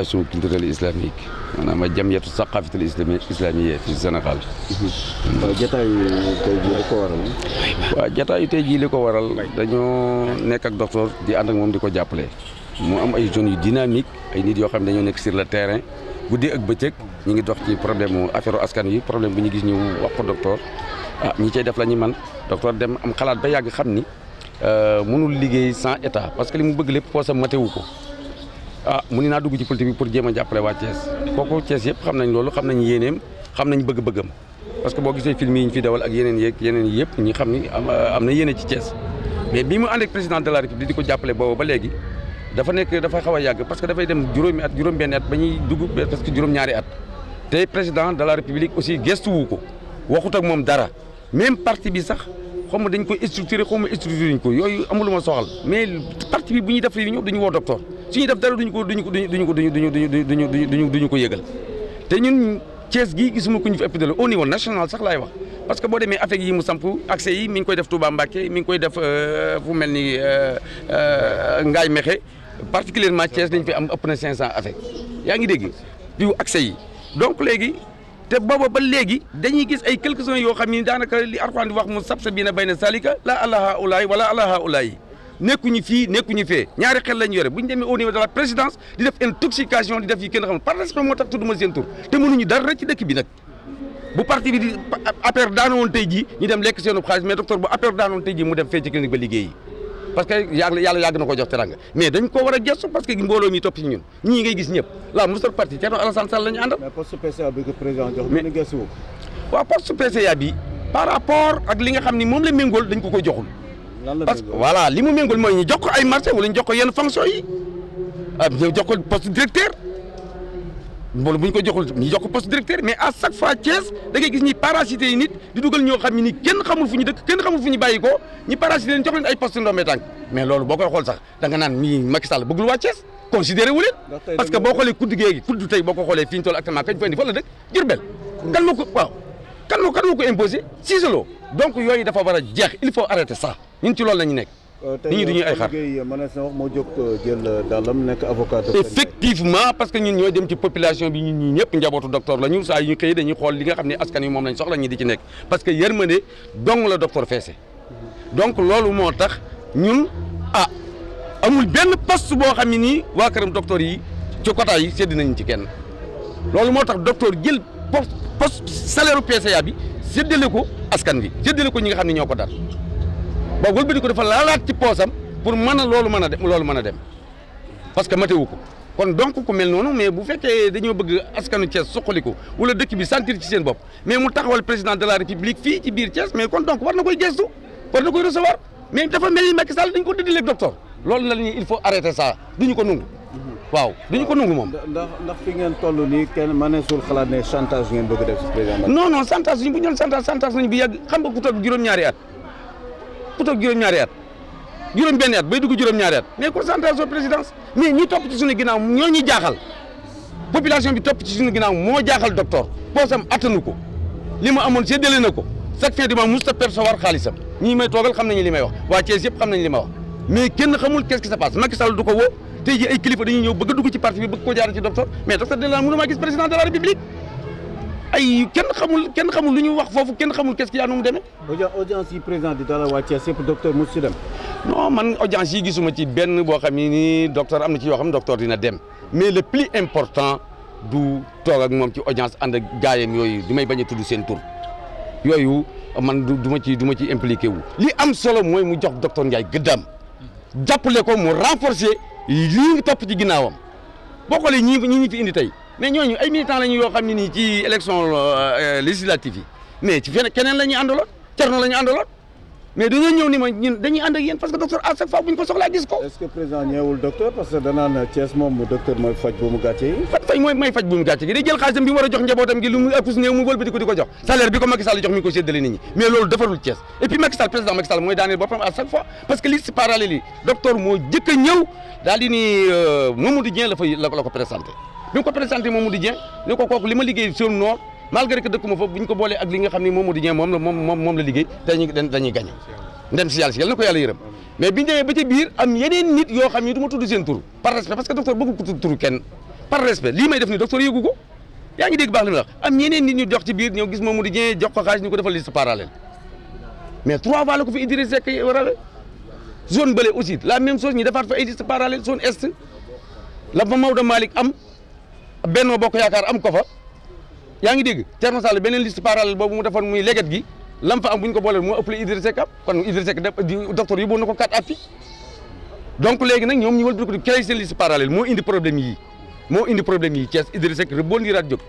association culturelle islamique maanaam a jamiyatu saqafatul islami islamiyya fi Sénégal. waaw jataayu tey jii li ko waral. waaw dañoo nekk ak docteur di ànd ak moom di ko jàppale. mu am ay jeunes yu dynamique ay nit yoo xam ne dañoo nekk sur le terrain guddi ak bëccëg ñu ngi dox ci problème mu askan yi problème bu ñu gis ñu wax ko docteur ah ñi cay def la ñu man docteur dem am xalaat ba yàgg xam ni euh, mënul liggéey sans état parce que li mu bëgg lépp poosam matewu ko. ah mu ni naa dugg ci politique bi pour jéem a jàppale waa Thiès kooku Thiès yëpp xam nañ loolu xam nañ yéeneem xam nañ bëgg-bëggam parce que boo gisee film yi ñu fi dawal ak yeneen yeeg yeneen yëpp ñi xam ni am na yéene ci Thiès mais bi mu ànd ak président de la république di ko jàppale boobu ba léegi dafa nekk dafa xaw a yàgg parce que dafay dem juróomi at juróom benn at ba ñuy dugg parce que juróom-ñaari at te président de la république aussi gestu wu ko waxut ak moom dara même parti bi sax xaw ma dañ koy structuré xaw ma structuré ñu ko yooyu amul ma soxal mais parti bi bu ñuy def lii ñoom dañu woo docteur su ñuy def dara duñu ko duñu ko duñu ko duñu duñu duñu duñu duñu ko yëgal te ñun Thiès gii gisuma ku ñu fi épidémiologue au niveau national sax laay wax parce que boo demee affaire yi mu samp accès yi mi ngi koy def Touba Mbacké mi ngi koy def euh, fu mel ni euh, euh, ngaay Mexe particulièrement Thiès dañ fi am ëpp na 500 affaire yaa ngi dégg piw accès yi donc léegi te booba ba léegi dañuy gis ay quelques uns yoo xam ni daanaka li Alxuraan di wax mu sab sa bii na bay na salika la ala haulaay wala ala haulaay nekkuñu fii nekkuñu fee ñaari xel lañ yore bu ñu demee au niveau de la présidence di def intoxication di def yi kenn xam par respect moo tax tudduma seen tur te mënuñu dara ci dëkk bi nag bu parti bi di affaire daanoon tey jii ñu dem lekk seenu xaalis mais docteur bu affaire daanoon tey jii mu dem fee ci clinique ba parce que yàlla yàlla yàgg na ko jox teranga mais dañ ko war a gëstu parce que mbooloo mi topp ci ñun ñii ngay gis ñëpp la mosal parti Thierno Alassane Sall la ñu àndal. mais ñu gëstu ko. waaw poste PCA bi par rapport ak li xam ni moom la méngool dañ ko ko joxul. parce que voilà li mooy ñu jox ko ay marché wala ñu jox yenn fonction yi ah ñu jox ko mboolu bu ñu ko joxul ñu jox ko poste directeur mais à chaque fois Thiès da ngay gis ñuy parasité yi nit di dugal ñoo xam kenn xamul fu ñu dëkk kenn xamul fu ñu bàyyi ko ñu parasité leen jox leen ay poste ndombee tànk mais loolu boo koy xool sax da naan mii Macky Sall bëggul waa Thiès considéré wu parce que boo xoolee kudd géegi kudd tey boo ko xoolee fi ñu toll actuellement kañ fa indi fa la dëkk Jurbel kan moo ko waaw kan moo kan moo ko a jeex il faut arrêter la ñu nekk nit ñi du ñuy ay xar moo jóg euh, jël euh, dàllam nekk avocat effectivement parce que ñun ñooy dem ci population bi ñun ñii ñëpp njabootu docteur la ñu saa yu ñu xëyee dañuy xool li nga xam ne askan wi moom lañ soxla ñi di ci nekk parce que yërmande dong la docteur feese donc loolu moo tax ñun ah amul benn poste boo xam ne nii waa këram docteur yi ci quota yi sédd nañu ci kenn loolu moo tax docteur jël poste salaire PCA bi séddale ko askan bi séddale ko ñi nga xam ne ñoo ko dar ba wëlbati ko dafa laalaat ci poosam pour mën a loolu mën a dem loolu mën a dem parce que matewu ko kon donc ku mel noonu mais bu fekkee dañoo bëgg askanu Thiès suqaliku wala dëkk mu taxawal président war na koy gestu war na koy recevoir mais dafa mel ni Macky Sall dañ ko dëddileeg docteur loolu la ñuy il faut arrêter ça duñu ko nungu waaw duñu ko nungu moom. ndax fi ngeen toll nii kenn mëneesul xalaat ne chantage ngeen bëgg def président. non non chantage bu ñu doon chantage chantage nañu bi yàgg xam nga ku toog juróom-ñaari bokkut ak juróom-ñaari at juróom-benn at bay dugg juróom-ñaari at mais concentration présidence mais ñi topp ci suñu ginaaw ñoo ñu jaaxal population bi topp ci suñu ginnaaw moo jaaxal docteur poosam attanu ko li ma amoon séddale na ko chaque fin du mois musta percevoir xaalisam ñi may toogal xam nañu li may wax waa Thiès yëpp xam nañu li wax mais kenn xamul qu'est-ce qui se passe Macky du ko woo tey ji ay kilifa dañuy ñëw bëgg dugg ci parti bi bëgg ko ay kenn xamul kenn xamul lu ñu wax foofu kenn xamul qu'est-ce qu'il y a nu mu demee. audience yi président di dalal waa Thiès non man audience yi gisuma ci benn boo xam ni nii docteur am na ci yoo xam ne docteur dina dem mais le plus important du toog ak moom ci audience ànd ak gaayam yooyu du may bañ a tudd seen tur yooyu man du ma ci du ci impliqué wu. li am solo mooy mu jox docteur Ndiaye gëddaam jàppale ko mu renforcer lii ngi topp ci ginnaawam boo xoolee ñii ñi ñu fi indi tey. mais ñooñu ay militants lañu yoo xam ne nii ci élection euh, euh, législative yi mais ci feneen keneen la ñuy àndaloon Thierno la dañoo ñëw ni ma ñun dañuy ànd ak moom mu gàcce a ko di ko jox salaire bi ko Macky Sall jox mi ngi ko séddale nit ñi mais loolu defarul Thiès et puis Macky président Macky Sall mooy daaneel boppam à chaque fois parce que li si yi docteur moo jëkk a ñëw daal di ni euh, Mamadou Dieng la fay la ko présenté bi nga ko présenté Mamadou Dieng ne ko kooku li ma liggéey sur noor malgré que dëkk ma foofu bu ñu ko boolee ak li nga xam ne Mamadou Dieng moom moom la liggéey dañuy dañuy gagné ndem si yàlla si yàlla na ko yàlla yërëm mais bi ñu demee ba ca biir am yeneen nit yoo xam ne du ma tudd seen tur par respect par respect lii may def ni docteur yëgu ko yaa ngi dégg baax li ma wax am yeneen nit ñu jox ci biir ñëw gis Mamadou Dieng jox ko xaalis mais trois fois la ko fi zone bële aussi la même chose ñu defaat fa ay liste parallèle zone benn Benno Bokk Yaakaar am ko fa yaa ngi dégg Thierno Sall beneen liste parallèle boobu mu defoon muy léget gi lam fa am bu ñu ko booleel moo ëppale Idrissa Seck am kon Idrissa Seck docteur yóbbu na ko quatre appuis ko di créer seen liste parallèle moo indi problème yi moo indi problème yi Thiès Idrissa Seck rebondiraat jóg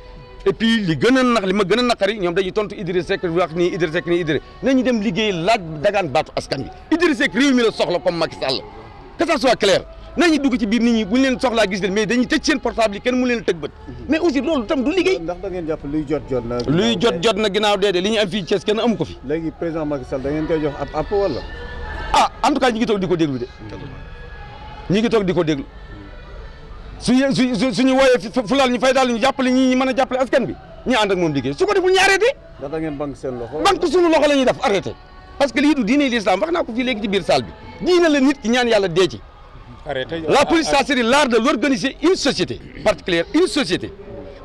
et li gën a li ma gën a naqari ñoom dañuy tontu Idrissa Seck wax nii Idrissa Seck nii Idrissa nañu dem liggéey laaj dagaan baatu askan bi Idrissa Seck réew mi la soxla comme Macky Sall que ça soit nañu dugg ci biir ni ñi buñ leen soxlaa gis leen mais dañuy tëj seen portable kenn mu leen tëg bët mhm. mais aussi loolu tam du liggéey luy jot jot na luy jot jot na ginnaaw dee dee li ñu am fii Thiès kenn amu ko fi léegi ah en ñi ngi toog di ko déglu ñi ngi toog di ko déglu suñu su suñu wooyee fu laal ñu fay daal ñu jàppale ñi ñi askan bi ñu ànd ak moom liggéey su ko deful ñu arrêté ndax da ngeen banque seen loxo banque suñu loxo la ñuy def arrêté parce que lii du diine l'islam wax naa ko fii léegi ci biir salle bi diine la nit ki ñaan yàlla dee ci la police ça c'est l'art de l'organiser une société particulière une société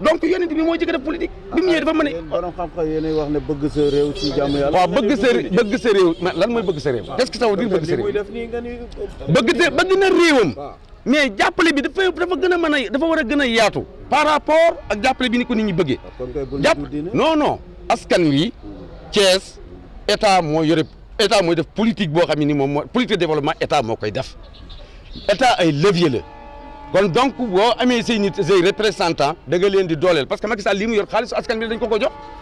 donc yonent bi moo jëkk def politique bi mu ñëwee dafa mën a. borom xam-xam wax ne bëgg sa réew ci jàmm yàlla. waaw bëgg sa bëgg sa réew lan bëgg sa bëgg sa bëgg sa bëgg na réewam. mais jàppale bi dafa dafa gën a mën dafa war a gën a yaatu. par rapport ak jàppale bi ni ko nit ñi bëggee. Ah, jàpp non non askan wi. Thiès état moo yore état mooy def politique boo xam ne ni moom mooy politique de développement état moo koy def. état ay levier la kon donc boo amee say nit say représentant da leen di dooleel parce que Macky Sall mu yor xaalis askan bi dañ ko ko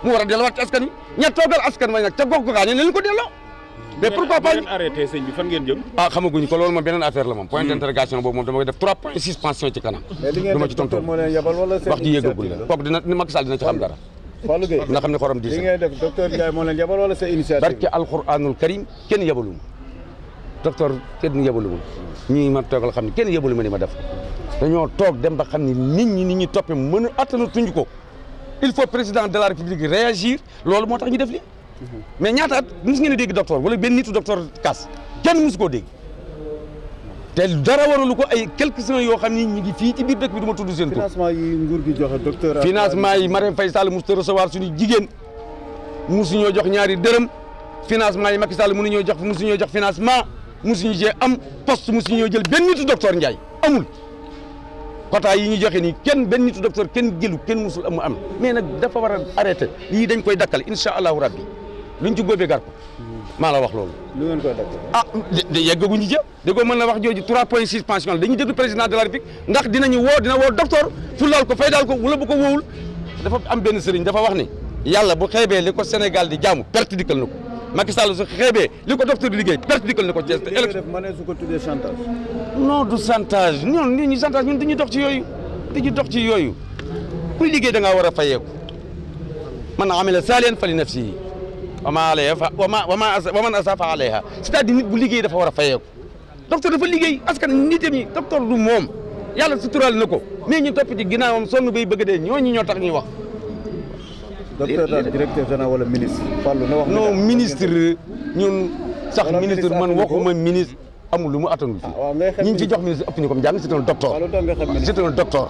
mu war a delluwaat ci askan yi ña toogal askan ma nag ca gox goxaa ñe ne leen ko delloo mais pourquoi pas arrêté sëñ bi fan ngeen jëm ah, hmm. wax ji yéegagul la kooku dina Macky Sall dina ci xam dara Fallou Gueye dina xam ne xorom karim kenn yabaluma docteur kenn yebalu ma ñii ma toogal xam ne kenn yebalu ma ni ma def dañoo toog dem ba xam ne nit ñi nit ñi toppee mën a attana tuñ ko il faut président de la république réagir loolu moo tax ñu def li mais ñaata at mos ngeen a dégg docteur wala benn nitu docteur Kass kenn mosu koo dégg te dara waralu ko ay quelques-uns yoo xam ni ñu ngi fii ci biir dëkk bi du ma tudd seen tur. financement yi nguur gi joxe docteur. financement yi jigéen mosu ñoo jox ñaari dërëm financement yi Macky Sall mënu ñoo jox mosu jox financement. musuñu jee am poste musuñu jël benn nitu docteur Ndiaye amul quota yi ñu joxe nii kenn benn nitu docteur kenn jëlu kenn musul amu am mais nag dafa war a arrêté lii dañ koy dakkal incha allahu rabbi luñ ci góobee gar ko maa la wax loolu. lu ngeen koy dakkal. ah de yeggaguñu jë déggoo mën na wax jooju trois points suspension la dañuy déglu président de la république ndax dinañu woo dina woo docteur fulaal ko fay daal ko wala bu ko wóowul dafa am benn sëriñ dafa wax ni yàlla bu xeebee li ko Sénégal di jaamu perte dikkal na ko. Macky Sall su xeebee li ko docteur di liggéey perpétuel na ko ci élection su ko tuddee chantage non du chantage ñun chantage ñun dañuy dox ci yooyu dañuy dox ci yooyu ku liggéey da ngaa war a fayeeku man amila saalihan fali nafsihi wa ma alayha wa ma wa man asaa fa alayha c'est-à-dire nit dafa war a fayeeku docteur dafa liggéey askan nitam ñi docteur du moom yàlla suturaal na ko mais ñu topp ci ginnaawam sonn bay bëgg dee ñooñu ñoo tax ñuy wax docteur daal directeur général wala ministre. Fallou na wax non ministre ñun sax ministre man waxuma ministre amul lu mu attanul fii ah, ñi ñu ci jox ministre ëpp ñu ko mu jàng c'est un docteur c'est un docteur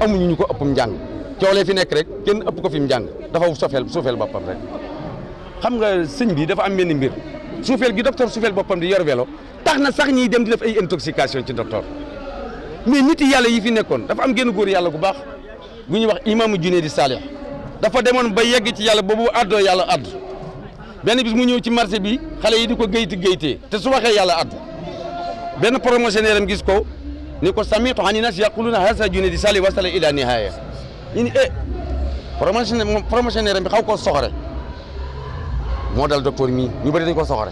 amuñu ñu ko ëpp mu jàng coolee fi nekk rek kenn app ko fi mu jàng dafa sofeel suufeel boppam rek xam nga sëñ bi dafa am benn mbir suufeel gi docteur suufeel boppam di yor welo tax na sax ñiy dem di def ay intoxication ci docteur mais nit yàlla yi fi nekkoon dafa am genn góor yàlla gu baax gu ñuy wax imaamu Junayd di Saalih dafa demoon ba yegg ci yàlla boobu àddoo yàlla àdd benn bis mu ñëw ci marché bi xale yi di ko géyti géytee te su waxee yàlla àdd benn promotionnaire am gis ko ni ko samitu ani nas yaquluna sa june di sali wasala ila nihaya ñu ni eh promotionnaire bi xaw ko soxore moo dal docteur mii ñu bëri dañ ko soxore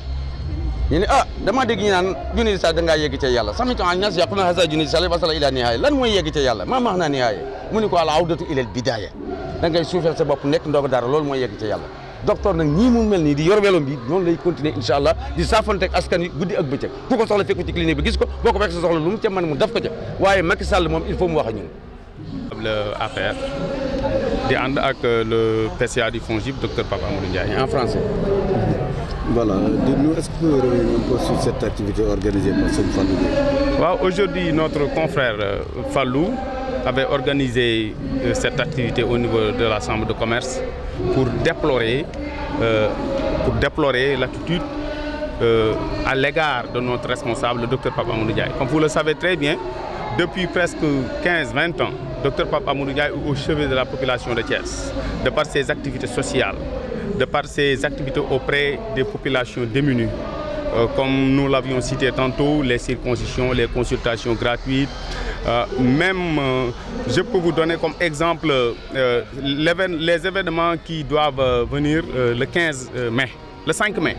ñu ne ah damaa dégg ñu naan junni sa da ngaa yegg ca yàlla samitu an nas yaquluna hasa junni sa wasala ila nihaaya lan mooy yegg ca yàlla maa maax naa nihaaya mu ni ko al awdatu ilal bidaaya da suufeel sa nekk ndoog dara lool mooy yegg ca yàlla docteur nag ñii mu mel nii di yor weloom bi noonu lay continuer incha allah di saafanteeg askan wi guddi ak bëccëg ku ko soxla fekk ci clinique bi gis ko boo ko fekk sa soxla lu mu di ànd ak le PCA du FONGIP docteur Papa Amadou Ndiaye en français Voilà, nous est-ce que vous revenez un peu sur cette Fallou wow, Aujourd'hui, notre confrère euh, Fallou avait organisé euh, cette activité au niveau de la Chambre de commerce pour déplorer, euh, pour déplorer l'attitude euh, à l'égard de notre responsable, le docteur Papa Ndiaye. Comme vous le savez très bien, depuis presque 15-20 ans, Dr Papa Amoudou est au chevet de la population de Thiès, de par ses activités sociales, de par ses activités auprès des populations démunies. Euh, comme nous l'avions cité tantôt, les circoncisions, les consultations gratuites. Euh, même, euh, je peux vous donner comme exemple euh, évén les événements qui doivent euh, venir euh, le 15 mai, le 5 mai.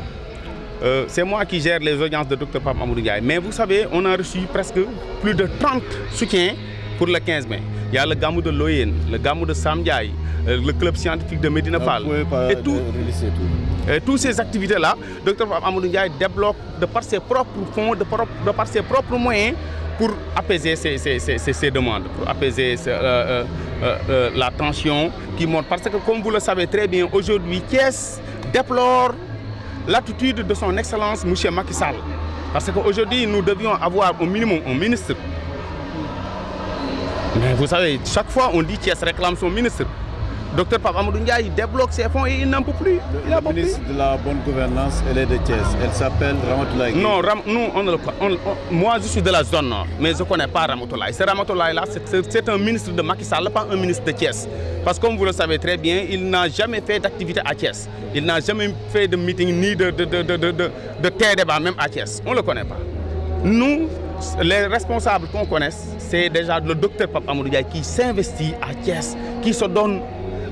C'est moi qui gère les audiences de Dr Pape Amour Mais vous savez, on a reçu presque plus de 30 soutiens pour le 15 mai. Il y le Gamou de Loyen, le Gamou de Samdiaï, euh, le club scientifique de Medina euh, Fall. Et, tout, ces activités la Dr Amadou Ndiaye débloque de par ses propres fonds, de par, ses propres moyens pour apaiser ces, demandes, pour apaiser euh, la tension qui monte. Parce que comme vous le savez très bien, aujourd'hui, Thiès déplore l'attitude de son Excellence M. Macky Sall. Parce qu'aujourd'hui, nous devions avoir au minimum un ministre Mais vous savez, chaque fois on dit Thiès réclame son ministre. Docteur Pape Amadou Ndiaye débloque ses fonds il n'en peut de la bonne gouvernance, elle est de Thiès. Elle s'appelle Ramatoulaye. Non, Ram, le on, de la zone nord, mais je connais pas Ramatoulaye. C'est Ramatoulaye là, c'est un pas un ministre de Thiès. Parce que comme vous le savez très bien, il n'a jamais fait d'activité à Thiès. Il n'a jamais fait de meeting ni de, de, de, même à Thiès. On le connaît pas. Nous, les responsables qu'on connaisse, c'est déjà le docteur Pape Amadou qui s'investit à Thiès, qui se donne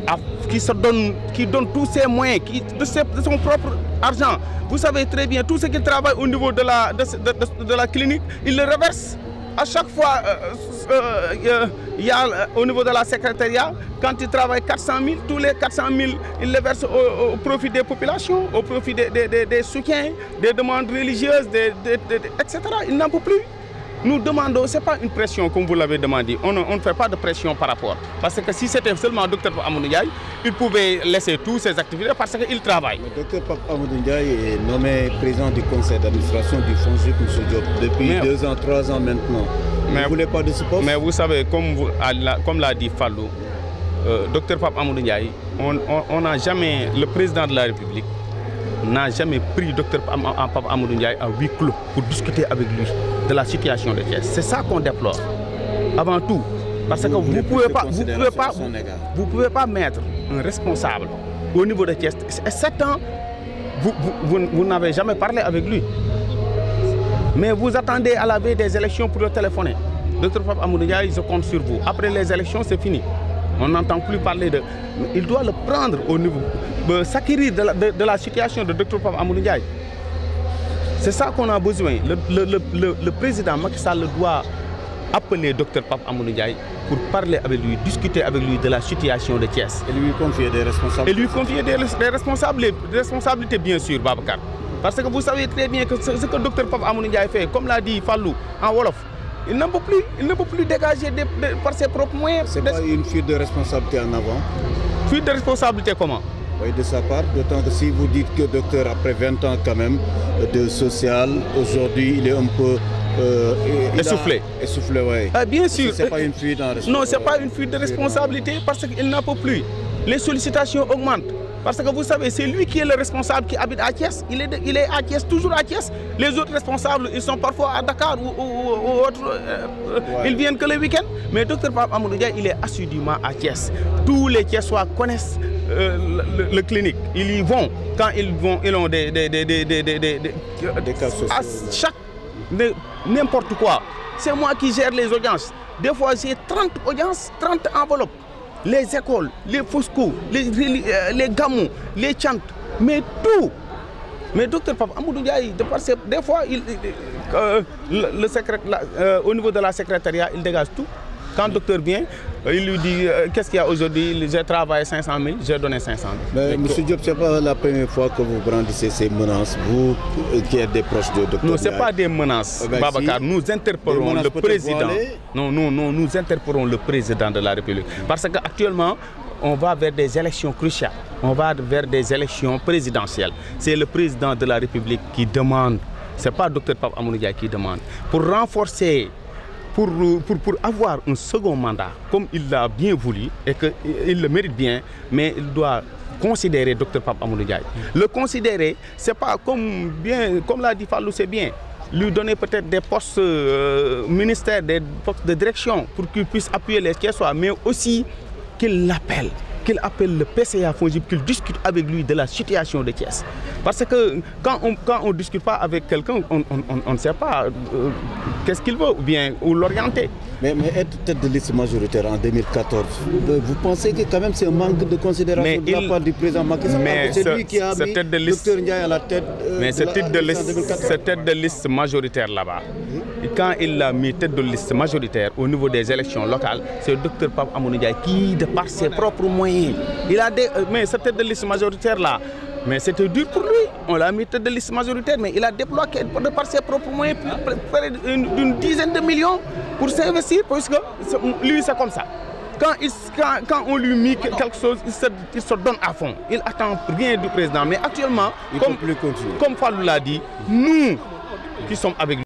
à, qui se donne, qui donne tous ses moyens, qui, de, ses, de, son propre argent. Vous savez très bien, tout ce qu'il travaille au niveau de la, de, de, de, la clinique, il le reverse. À chaque fois, euh, euh, euh y a, euh, au niveau de la secrétariat, quand il travaille 400 000, tous les 400 000, il les verse au, au profit des populations, au profit des, des, des, des soutiens, des demandes religieuses, etc. Nous demandons, ce n'est pas une pression comme vous l'avez demandé, on ne, on ne, fait pas de pression par rapport. Parce que si c'était seulement docteur Amouniaï, il pouvait laisser tous ses activités parce qu'il travaille. Le docteur Amouniaï est nommé président du conseil d'administration du Fonds Juc Diop depuis mais, deux ans, trois on n'a jamais, le président de la République, n'a jamais pris docteur Papa Amadou Ndiaye à huis clos pour discuter avec lui de la situation de Thiès. C'est ça qu'on parce que vous ne pouvez pas, vous pouvez pas, vous responsable au niveau de Thiès. Sept ans, vous, vous, vous n'avez jamais parlé avec lui. Mais vous attendez à la veille des élections pour le téléphoner. Docteur Papa Amadou Ndiaye, je compte Après les élections, c'est fini. on n'entend plus parler de. Il doit le prendre au niveau, euh, s'acquérir de, la situation de Dr Pape Amadou Ndiaye. C'est ça a besoin. Le, le, le, le président Macky Sall doit appeler Dr Pape Amadou Ndiaye pour parler avec lui, discuter lui de la situation de Thiès. Et lui confier des responsabilités. Et lui confier des, des responsabilités, des responsabilités, bien sûr, que vous savez très bien que ce, ce que Dr Pape Amadou Ndiaye fait, l'a dit Fallou en Wolof, Il n'en peut plus, il ne peut plus dégager de, de, par ses propres moyens. C'est pas une fuite de responsabilité en avant Fuite de responsabilité comment oui, de sa part, d'autant après 20 ans quand même de social, aujourd'hui il est un peu euh, essoufflé. Essoufflé, oui. Ah, bien sûr. Non, c'est pas une fuite de responsabilité parce qu'il n'en peut plus. Les sollicitations augmentent. Parce que vous savez, c'est lui qui est le responsable qui habite à Thiès. Il est, de, il est à Thiès, toujours à Thiès. Les autres responsables, ils sont parfois à Dakar ou, autre. Euh, ils viennent que le week-end. Mais Dr Pape Amadou il est assidûment à Thiès. Tous les Thiessois connaissent euh, le, le, le, clinique. Ils y vont. Quand ils vont, ils ont des... des, des, des, des cas sociaux, à chaque... N'importe quoi. C'est moi qui les audiences. Des fois, j'ai 30 audiences, 30 enveloppes. les écoles les fosco les euh, les gamou les chant mais tout mais docteur Pape Amadou Ndiaye de parce des fois il euh, le secret euh, au niveau de la secrétariat il dégage tout Quand docteur bien, euh, il lui dit euh, Qu'est-ce qu'il a aujourd'hui J'ai travaillé 500 000, j'ai donné 500 000. monsieur Diop, ce que vous brandissez ces menaces, vous euh, qui êtes des menaces, euh, ben, Nous interpellons le président. de la République. Parce qu'actuellement, on va vers des élections cruciales. On va vers des élections présidentielles. C'est le président de la République qui demande. Ce n'est pas docteur Pape Amounidia qui demande. Pour renforcer pour, pour, pour avoir un second mandat, comme il l'a bien voulu et qu'il le mérite bien, mais il doit considérer Dr Pape Amadou Diaye. Le considérer, c'est pas comme bien, comme l'a dit Fallou, c'est bien. Lui donner peut-être des postes euh, ministères, des postes de direction pour qu'il puisse appuyer les Thiessois, mais aussi qu'il l'appelle. qu'il appelle le PCA Fongib, qu'il discute avec lui de la situation de Thiès. Parce que quand on discute pas avec quelqu'un, on, euh, de liste majoritaire en 2014, euh, vous pensez que quand même c'est un manque de considération mais de il, la part du président euh, majoritaire là quand il l'a mis tête de liste majoritaire au niveau des élections locales, c'est le docteur Pape Amounidia qui, de par ses propres moyens, gagné. Il a des, euh, mais cette tête de liste majoritaire-là, mais c'était dur pour lui. On l'a mis tête de liste majoritaire, mais il a déployé de par ses propres moyens près d'une dizaine de millions pour s'investir, puisque lui, c'est comme ça. Quand, il, quand, quand, on lui met quelque chose, il se, il se, donne à fond. Il attend rien du président. Mais actuellement, il comme, comme Fallou l'a dit, nous qui sommes avec lui,